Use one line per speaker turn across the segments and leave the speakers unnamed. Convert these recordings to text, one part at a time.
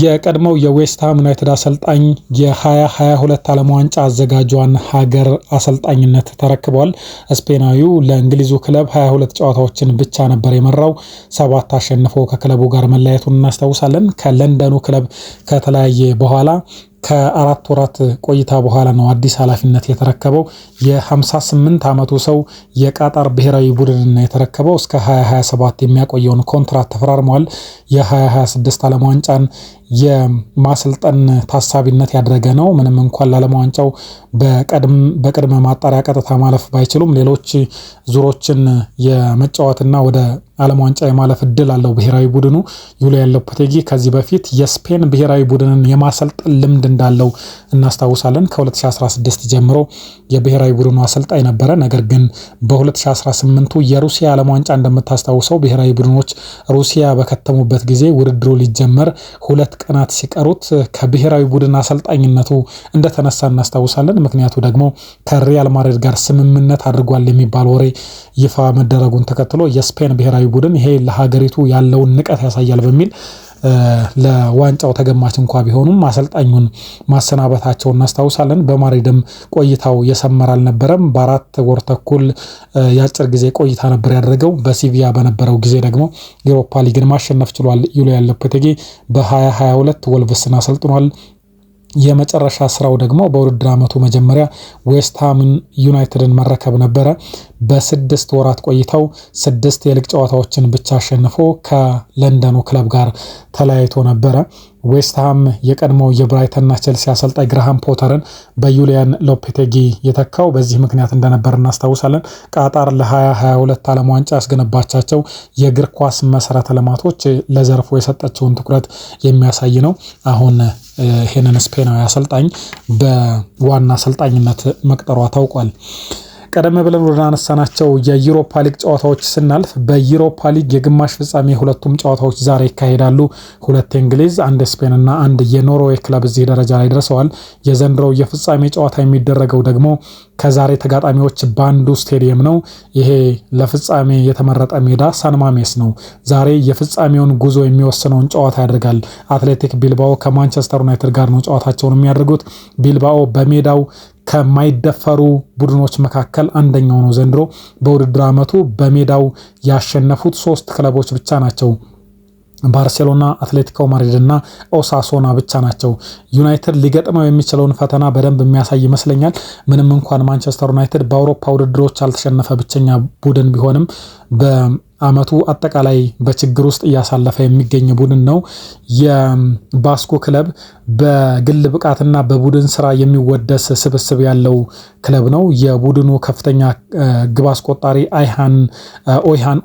የቀድሞው የዌስትሃም ዩናይትድ አሰልጣኝ የ2022 ዓለም ዋንጫ አዘጋጇን ሀገር አሰልጣኝነት ተረክቧል። ስፔናዊው ለእንግሊዙ ክለብ 22 ጨዋታዎችን ብቻ ነበር የመራው፣ ሰባት አሸንፎ ከክለቡ ጋር መለያየቱን እናስታውሳለን። ከለንደኑ ክለብ ከተለያየ በኋላ ከአራት ወራት ቆይታ በኋላ ነው አዲስ ኃላፊነት የተረከበው። የ58 ዓመቱ ሰው የቃጣር ብሔራዊ ቡድንና የተረከበው እስከ 2027 የሚያቆየውን ኮንትራት ተፈራርመዋል። የ2026 ዓለም ዋንጫን የማሰልጠን ታሳቢነት ያደረገ ነው። ምንም እንኳን ለዓለም ዋንጫው በቅድመ ማጣሪያ ቀጥታ ማለፍ ባይችሉም ሌሎች ዙሮችን የመጫወትና ወደ ዓለም ዋንጫ የማለፍ እድል አለው ብሔራዊ ቡድኑ። ያለው ሎፔቴጊ ከዚህ በፊት የስፔን ብሔራዊ ቡድንን የማሰልጠን ልምድ እንዳለው እናስታውሳለን። ከ2016 ጀምሮ የብሔራዊ ቡድኑ አሰልጣኝ ነበረ። ነገር ግን በ2018ቱ የሩሲያ ዓለም ዋንጫ እንደምታስታውሰው ብሔራዊ ቡድኖች ሩሲያ በከተሙበት ጊዜ ውድድሩ ሊጀመር ሁለት ቀናት ሲቀሩት ከብሔራዊ ቡድን አሰልጣኝነቱ እንደተነሳ እናስታውሳለን። ምክንያቱ ደግሞ ከሪያል ማድሪድ ጋር ስምምነት አድርጓል የሚባል ወሬ ይፋ መደረጉን ተከትሎ የስፔን ብሔራዊ ቡድን ይሄ ለሀገሪቱ ያለውን ንቀት ያሳያል በሚል ለዋንጫው ተገማች እንኳ ቢሆኑም አሰልጣኙን ማሰናበታቸው እናስታውሳለን። በማድሪድም ቆይታው የሰመረ አልነበረም። በአራት ወር ተኩል የአጭር ጊዜ ቆይታ ነበር ያደረገው። በሲቪያ በነበረው ጊዜ ደግሞ የአውሮፓ ሊግን ማሸነፍ ችሏል። ዩሊያን ሎፔቴጊ በ2022 ወልቭስን አሰልጥኗል። የመጨረሻ ስራው ደግሞ በውድድር ዓመቱ መጀመሪያ ዌስትሃምን ዩናይትድን መረከብ ነበረ። በስድስት ወራት ቆይተው ስድስት የሊግ ጨዋታዎችን ብቻ አሸንፎ ከለንደኑ ክለብ ጋር ተለያይቶ ነበረ። ዌስትሃም የቀድሞ የብራይተንና ቸልሲ አሰልጣኝ ግራሃም ፖተርን በዩሊያን ሎፔቴጊ የተካው በዚህ ምክንያት እንደነበር እናስታውሳለን። ቃጣር ለ2022 ዓለም ዋንጫ ያስገነባቻቸው የእግር ኳስ መሰረተ ልማቶች ለዘርፉ የሰጠችውን ትኩረት የሚያሳይ ነው። አሁን ይህንን ስፔናዊ አሰልጣኝ በዋና አሰልጣኝነት መቅጠሯ ታውቋል። ቀደም ብለን ወደ አነሳናቸው የዩሮፓ ሊግ ጨዋታዎች ስናልፍ በዩሮፓ ሊግ የግማሽ ፍጻሜ ሁለቱም ጨዋታዎች ዛሬ ይካሄዳሉ። ሁለት የእንግሊዝ አንድ ስፔን እና አንድ የኖርዌይ ክለብ እዚህ ደረጃ ላይ ደርሰዋል። የዘንድሮው የፍጻሜ ጨዋታ የሚደረገው ደግሞ ከዛሬ ተጋጣሚዎች በአንዱ ስቴዲየም ነው። ይሄ ለፍጻሜ የተመረጠ ሜዳ ሳንማሜስ ነው። ዛሬ የፍጻሜውን ጉዞ የሚወስነውን ጨዋታ ያደርጋል። አትሌቲክ ቢልባኦ ከማንቸስተር ዩናይትድ ጋር ነው ጨዋታቸውን የሚያደርጉት። ቢልባኦ በሜዳው ከማይደፈሩ ቡድኖች መካከል አንደኛው ነው። ዘንድሮ በውድድር ዓመቱ በሜዳው ያሸነፉት ሶስት ክለቦች ብቻ ናቸው። ባርሴሎና፣ አትሌቲኮ ማድሪድ እና ኦሳሶና ብቻ ናቸው። ዩናይትድ ሊገጥመው የሚችለውን ፈተና በደንብ የሚያሳይ ይመስለኛል። ምንም እንኳን ማንቸስተር ዩናይትድ በአውሮፓ ውድድሮች ያልተሸነፈ ብቸኛ ቡድን ቢሆንም አመቱ አጠቃላይ በችግር ውስጥ እያሳለፈ የሚገኝ ቡድን ነው። የባስኮ ክለብ በግል ብቃትና በቡድን ስራ የሚወደስ ስብስብ ያለው ክለብ ነው። የቡድኑ ከፍተኛ ግብ አስቆጣሪ አይሃን ኦይሃን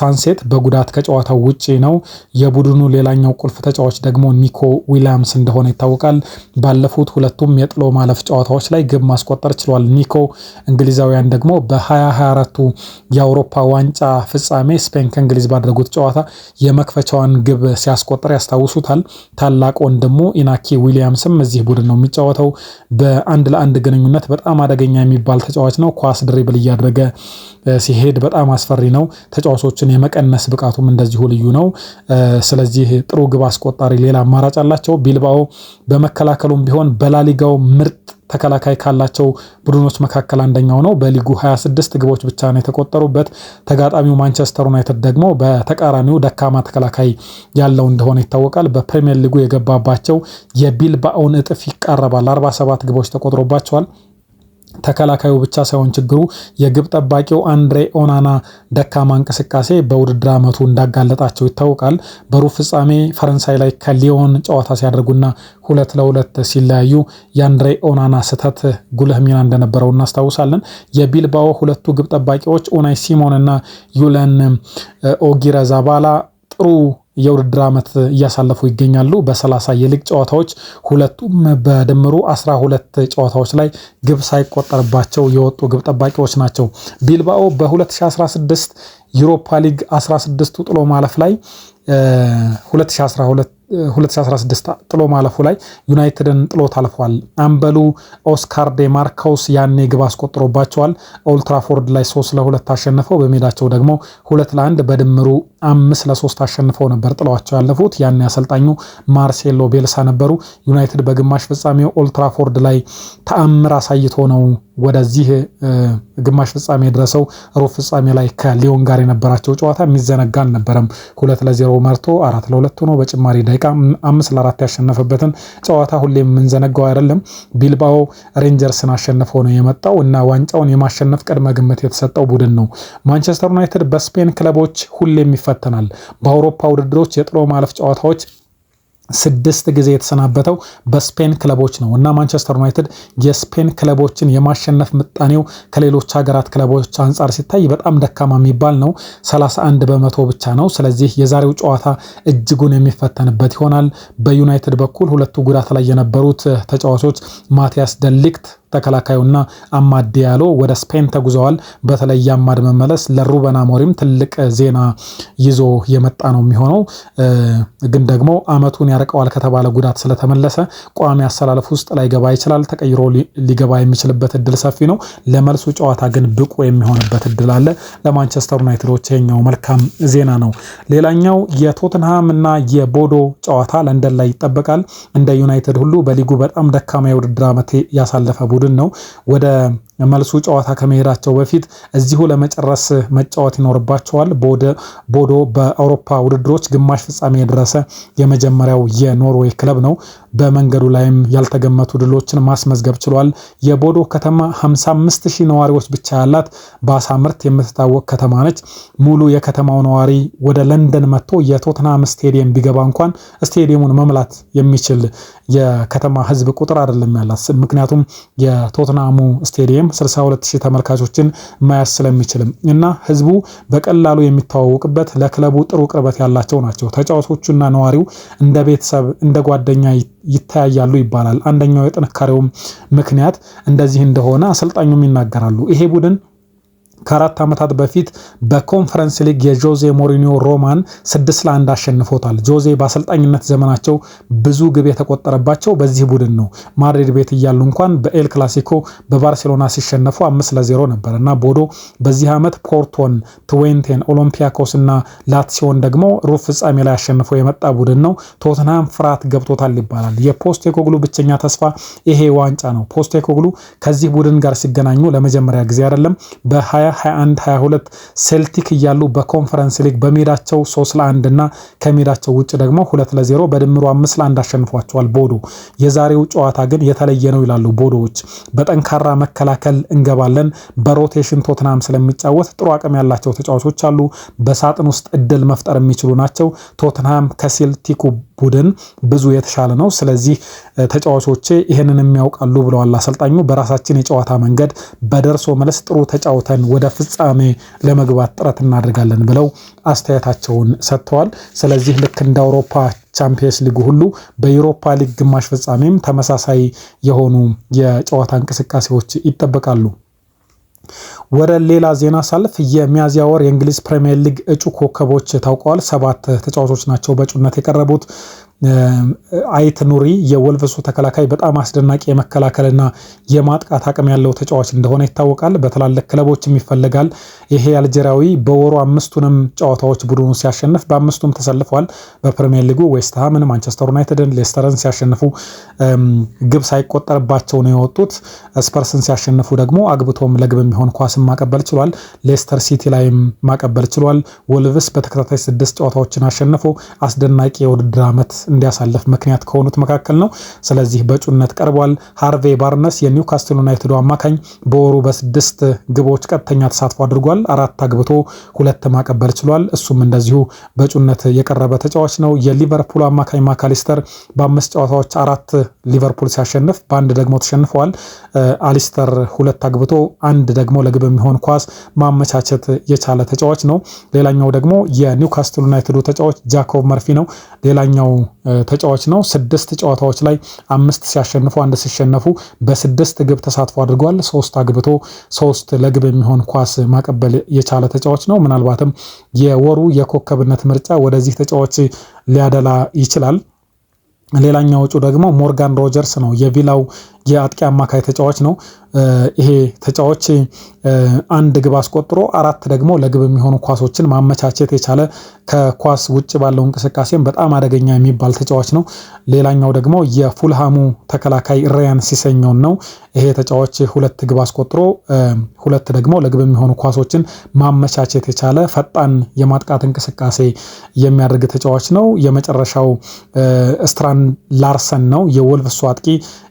ሳንሴት በጉዳት ከጨዋታው ውጪ ነው። የቡድኑ ሌላኛው ቁልፍ ተጫዋች ደግሞ ኒኮ ዊሊያምስ እንደሆነ ይታወቃል። ባለፉት ሁለቱም የጥሎ ማለፍ ጨዋታዎች ላይ ግብ ማስቆጠር ችሏል። ኒኮ እንግሊዛውያን ደግሞ በ2024ቱ የአውሮፓ ዋንጫ ፍጻሜ ስፔን ከእንግሊዝ ባደረጉት ጨዋታ የመክፈቻዋን ግብ ሲያስቆጠር ያስታውሱታል። ታላቅ ወንድሙ ኢናኪ ዊሊያምስም እዚህ ቡድን ነው የሚጫወተው። በአንድ ለአንድ ግንኙነት በጣም አደገኛ የሚባል ተጫዋች ነው። ኳስ ድሪብል እያደረገ ሲሄድ በጣም አስፈሪ ነው። ተጫዋቾችን የመቀነስ ብቃቱም እንደዚሁ ልዩ ነው። ስለዚህ ጥሩ ግብ አስቆጣሪ ሌላ አማራጭ አላቸው። ቢልባኦ በመከላከሉም ቢሆን በላሊጋው ምርጥ ተከላካይ ካላቸው ቡድኖች መካከል አንደኛው ነው። በሊጉ 26 ግቦች ብቻ ነው የተቆጠሩበት። ተጋጣሚው ማንቸስተር ዩናይትድ ደግሞ በተቃራኒው ደካማ ተከላካይ ያለው እንደሆነ ይታወቃል። በፕሪሚየር ሊጉ የገባባቸው የቢልባኦን እጥፍ ይቃረባል። 47 ግቦች ተቆጥሮባቸዋል። ተከላካዩ ብቻ ሳይሆን ችግሩ የግብ ጠባቂው አንድሬ ኦናና ደካማ እንቅስቃሴ በውድድር ዓመቱ እንዳጋለጣቸው ይታወቃል። በሩብ ፍጻሜ ፈረንሳይ ላይ ከሊዮን ጨዋታ ሲያደርጉና ሁለት ለሁለት ሲለያዩ የአንድሬ ኦናና ስህተት ጉልህ ሚና እንደነበረው እናስታውሳለን። የቢልባኦ ሁለቱ ግብ ጠባቂዎች ኡናይ ሲሞን እና ዩለን ኦጊረዛባላ ጥሩ የውድድር ዓመት እያሳለፉ ይገኛሉ። በሰላሳ የሊግ ጨዋታዎች ሁለቱም በድምሩ አስራ ሁለት ጨዋታዎች ላይ ግብ ሳይቆጠርባቸው የወጡ ግብ ጠባቂዎች ናቸው። ቢልባኦ በ2016 ዩሮፓ ሊግ 16ቱ ጥሎ ማለፍ ላይ 2012 2016 ጥሎ ማለፉ ላይ ዩናይትድን ጥሎት አልፏል። አምበሉ ኦስካር ዴ ማርኮስ ያኔ ግብ አስቆጥሮባቸዋል። ኦልትራፎርድ ላይ 3 ለ2 አሸንፈው በሜዳቸው ደግሞ 2 ለ1 በድምሩ 5 ለ3 አሸንፈው ነበር ጥለዋቸው ያለፉት። ያኔ አሰልጣኙ ማርሴሎ ቤልሳ ነበሩ። ዩናይትድ በግማሽ ፍጻሜው ኦልትራፎርድ ላይ ተአምር አሳይቶ ነው ወደዚህ ግማሽ ፍጻሜ የደረሰው። ሩብ ፍጻሜ ላይ ከሊዮን ጋር የነበራቸው ጨዋታ የሚዘነጋ አልነበረም። 2 ለ0 መርቶ 4 ለ2 ነው በጭማሪ ደቂ ደቂቃ አምስት ለአራት ያሸነፈበትን ጨዋታ ሁሌም የምንዘነጋው አይደለም። ቢልባኦ ሬንጀርስን አሸንፎ ነው የመጣው እና ዋንጫውን የማሸነፍ ቅድመ ግምት የተሰጠው ቡድን ነው። ማንቸስተር ዩናይትድ በስፔን ክለቦች ሁሌም ይፈተናል። በአውሮፓ ውድድሮች የጥሎ ማለፍ ጨዋታዎች ስድስት ጊዜ የተሰናበተው በስፔን ክለቦች ነው እና ማንቸስተር ዩናይትድ የስፔን ክለቦችን የማሸነፍ ምጣኔው ከሌሎች ሀገራት ክለቦች አንጻር ሲታይ በጣም ደካማ የሚባል ነው። 31 በመቶ ብቻ ነው። ስለዚህ የዛሬው ጨዋታ እጅጉን የሚፈተንበት ይሆናል። በዩናይትድ በኩል ሁለቱ ጉዳት ላይ የነበሩት ተጫዋቾች ማቲያስ ደሊክት ተከላካዩና አማድ ዲያሎ ወደ ስፔን ተጉዘዋል። በተለይ የአማድ መመለስ ለሩበን አሞሪም ትልቅ ዜና ይዞ የመጣ ነው የሚሆነው። ግን ደግሞ አመቱን ያርቀዋል ከተባለ ጉዳት ስለተመለሰ ቋሚ አሰላለፍ ውስጥ ላይገባ ይችላል። ተቀይሮ ሊገባ የሚችልበት እድል ሰፊ ነው። ለመልሱ ጨዋታ ግን ብቁ የሚሆንበት እድል አለ። ለማንቸስተር ዩናይትዶች ይሄኛው መልካም ዜና ነው። ሌላኛው የቶትንሃም እና የቦዶ ጨዋታ ለንደን ላይ ይጠበቃል። እንደ ዩናይትድ ሁሉ በሊጉ በጣም ደካማ የውድድር አመት ያሳለፈ ቡድን ቡድን ነው ወደ መልሱ ጨዋታ ከመሄዳቸው በፊት እዚሁ ለመጨረስ መጫወት ይኖርባቸዋል። ቦዶ በአውሮፓ ውድድሮች ግማሽ ፍጻሜ የደረሰ የመጀመሪያው የኖርዌይ ክለብ ነው። በመንገዱ ላይም ያልተገመቱ ድሎችን ማስመዝገብ ችሏል። የቦዶ ከተማ 55 ሺህ ነዋሪዎች ብቻ ያላት በአሳ ምርት የምትታወቅ ከተማ ነች። ሙሉ የከተማው ነዋሪ ወደ ለንደን መጥቶ የቶትናም ስቴዲየም ቢገባ እንኳን ስቴዲየሙን መምላት የሚችል የከተማ ህዝብ ቁጥር አይደለም ያላት። ምክንያቱም የቶትናሙ ስቴዲየም ሺህ ተመልካቾችን መያዝ ስለሚችልም እና ህዝቡ በቀላሉ የሚተዋወቅበት ለክለቡ ጥሩ ቅርበት ያላቸው ናቸው። ተጫዋቾቹና ነዋሪው እንደ ቤተሰብ እንደ ጓደኛ ይተያያሉ ይባላል። አንደኛው የጥንካሬውም ምክንያት እንደዚህ እንደሆነ አሰልጣኙም ይናገራሉ። ይሄ ቡድን ከአራት ዓመታት በፊት በኮንፈረንስ ሊግ የጆዜ ሞሪኒዮ ሮማን ስድስት ለአንድ አሸንፎታል። ጆዜ በአሰልጣኝነት ዘመናቸው ብዙ ግብ የተቆጠረባቸው በዚህ ቡድን ነው። ማድሪድ ቤት እያሉ እንኳን በኤል ክላሲኮ በባርሴሎና ሲሸነፉ አምስት ለዜሮ ነበር እና ቦዶ በዚህ ዓመት ፖርቶን፣ ትዌንቴን፣ ኦሎምፒያኮስ እና ላትሲዮን ደግሞ ሩብ ፍጻሜ ላይ አሸንፎ የመጣ ቡድን ነው። ቶትናም ፍርሃት ገብቶታል ይባላል። የፖስቴኮግሉ ብቸኛ ተስፋ ይሄ ዋንጫ ነው። ፖስቴኮግሉ ከዚህ ቡድን ጋር ሲገናኙ ለመጀመሪያ ጊዜ አይደለም በ 21 22 ሴልቲክ እያሉ በኮንፈረንስ ሊግ በሜዳቸው 3 ለ1 እና ከሜዳቸው ውጭ ደግሞ 2 ለ0 በድምሩ 5 ለ1 አሸንፏቸዋል። ቦዶ የዛሬው ጨዋታ ግን የተለየ ነው ይላሉ ቦዶዎች። በጠንካራ መከላከል እንገባለን። በሮቴሽን ቶትናም ስለሚጫወት ጥሩ አቅም ያላቸው ተጫዋቾች አሉ። በሳጥን ውስጥ እድል መፍጠር የሚችሉ ናቸው። ቶትናም ከሴልቲኩ ቡድን ብዙ የተሻለ ነው። ስለዚህ ተጫዋቾቼ ይህንን የሚያውቃሉ ብለዋል አሰልጣኙ። በራሳችን የጨዋታ መንገድ በደርሶ መልስ ጥሩ ተጫውተን ወደ ፍጻሜ ለመግባት ጥረት እናደርጋለን ብለው አስተያየታቸውን ሰጥተዋል። ስለዚህ ልክ እንደ አውሮፓ ቻምፒየንስ ሊጉ ሁሉ በዩሮፓ ሊግ ግማሽ ፍጻሜም ተመሳሳይ የሆኑ የጨዋታ እንቅስቃሴዎች ይጠበቃሉ። ወደ ሌላ ዜና ሳልፍ የሚያዝያ ወር የእንግሊዝ ፕሪምየር ሊግ እጩ ኮከቦች ታውቀዋል። ሰባት ተጫዋቾች ናቸው በእጩነት የቀረቡት። አይት ኑሪ የወልቭሱ ተከላካይ በጣም አስደናቂ የመከላከልና የማጥቃት አቅም ያለው ተጫዋች እንደሆነ ይታወቃል። በትላልቅ ክለቦችም ይፈለጋል። ይሄ አልጀሪያዊ በወሩ አምስቱንም ጨዋታዎች ቡድኑ ሲያሸንፍ በአምስቱም ተሰልፈዋል። በፕሪሚየር ሊጉ ዌስትሃምን፣ ማንቸስተር ዩናይትድን፣ ሌስተርን ሲያሸንፉ ግብ ሳይቆጠርባቸው ነው የወጡት። ስፐርስን ሲያሸንፉ ደግሞ አግብቶም ለግብ የሚሆን ኳስን ማቀበል ችሏል። ሌስተር ሲቲ ላይም ማቀበል ችሏል። ወልቭስ በተከታታይ ስድስት ጨዋታዎችን አሸንፎ አስደናቂ የውድድር ዓመት እንዲያሳልፍ ምክንያት ከሆኑት መካከል ነው። ስለዚህ በእጩነት ቀርቧል። ሃርቬ ባርነስ የኒውካስትል ዩናይትዱ አማካኝ በወሩ በስድስት ግቦች ቀጥተኛ ተሳትፎ አድርጓል። አራት አግብቶ ሁለት ማቀበል ችሏል። እሱም እንደዚሁ በእጩነት የቀረበ ተጫዋች ነው። የሊቨርፑል አማካኝ ማካሊስተር በአምስት ጨዋታዎች አራት ሊቨርፑል ሲያሸንፍ በአንድ ደግሞ ተሸንፈዋል። አሊስተር ሁለት አግብቶ አንድ ደግሞ ለግብ የሚሆን ኳስ ማመቻቸት የቻለ ተጫዋች ነው። ሌላኛው ደግሞ የኒውካስትል ዩናይትዱ ተጫዋች ጃኮብ መርፊ ነው። ሌላኛው ተጫዋች ነው። ስድስት ጨዋታዎች ላይ አምስት ሲያሸንፉ አንድ ሲሸነፉ በስድስት ግብ ተሳትፎ አድርጓል። ሶስት አግብቶ ሶስት ለግብ የሚሆን ኳስ ማቀበል የቻለ ተጫዋች ነው። ምናልባትም የወሩ የኮከብነት ምርጫ ወደዚህ ተጫዋች ሊያደላ ይችላል። ሌላኛዎቹ ደግሞ ሞርጋን ሮጀርስ ነው የቪላው የአጥቂ አማካይ ተጫዋች ነው። ይሄ ተጫዋች አንድ ግብ አስቆጥሮ አራት ደግሞ ለግብ የሚሆኑ ኳሶችን ማመቻቸት የቻለ ከኳስ ውጭ ባለው እንቅስቃሴም በጣም አደገኛ የሚባል ተጫዋች ነው። ሌላኛው ደግሞ የፉልሃሙ ተከላካይ ሪያን ሲሰኞን ነው። ይሄ ተጫዋች ሁለት ግብ አስቆጥሮ ሁለት ደግሞ ለግብ የሚሆኑ ኳሶችን ማመቻቸት የቻለ ፈጣን የማጥቃት እንቅስቃሴ የሚያደርግ ተጫዋች ነው። የመጨረሻው ስትራን ላርሰን ነው የወልቭሱ አጥቂ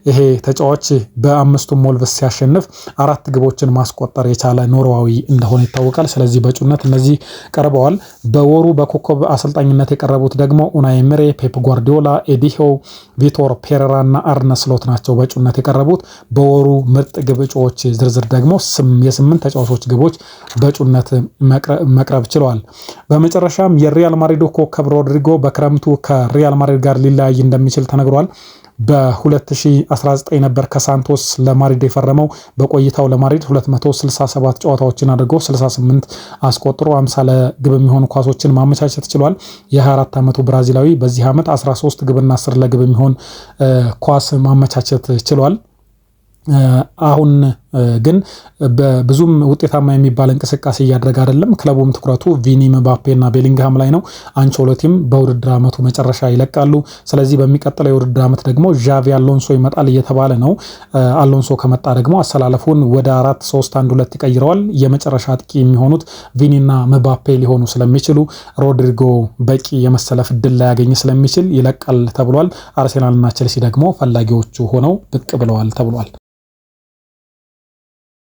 ይሄ ጨዋታዎች በአምስቱም ወልቭስ ሲያሸንፍ አራት ግቦችን ማስቆጠር የቻለ ኖርዋዊ እንደሆነ ይታወቃል። ስለዚህ በእጩነት እነዚህ ቀርበዋል። በወሩ በኮከብ አሰልጣኝነት የቀረቡት ደግሞ ኡናይ ምሬ፣ ፔፕ ጓርዲዮላ፣ ኤዲሆ፣ ቪቶር ፔሬራ እና አርነ ስሎት ናቸው በእጩነት የቀረቡት። በወሩ ምርጥ ግብ እጩዎች ዝርዝር ደግሞ የስምንት ተጫዋቾች ግቦች በእጩነት መቅረብ ችለዋል። በመጨረሻም የሪያል ማድሪድ ኮከብ ሮድሪጎ በክረምቱ ከሪያል ማድሪድ ጋር ሊለያይ እንደሚችል ተነግሯል። በ2019 ነበር ከሳንቶስ ለማድሪድ የፈረመው። በቆይታው ለማድሪድ 267 ጨዋታዎችን አድርጎ 68 አስቆጥሮ 50 ለግብ የሚሆኑ ኳሶችን ማመቻቸት ችሏል። የ24 ዓመቱ ብራዚላዊ በዚህ ዓመት 13 ግብና 10 ለግብ የሚሆን ኳስ ማመቻቸት ችሏል። አሁን ግን በብዙም ውጤታማ የሚባል እንቅስቃሴ እያደረገ አይደለም። ክለቡም ትኩረቱ ቪኒ፣ ምባፔ እና ቤሊንግሃም ላይ ነው። አንቸሎቲም በውድድር ዓመቱ መጨረሻ ይለቃሉ። ስለዚህ በሚቀጥለው የውድድር ዓመት ደግሞ ዣቪ አሎንሶ ይመጣል እየተባለ ነው። አሎንሶ ከመጣ ደግሞ አሰላለፉን ወደ አራት ሶስት አንድ ሁለት ይቀይረዋል። የመጨረሻ አጥቂ የሚሆኑት ቪኒና ምባፔ ሊሆኑ ስለሚችሉ ሮድሪጎ በቂ የመሰለፍ እድል ላያገኝ ስለሚችል ይለቃል ተብሏል። አርሴናልና ቼልሲ ደግሞ ፈላጊዎቹ ሆነው ብቅ ብለዋል ተብሏል።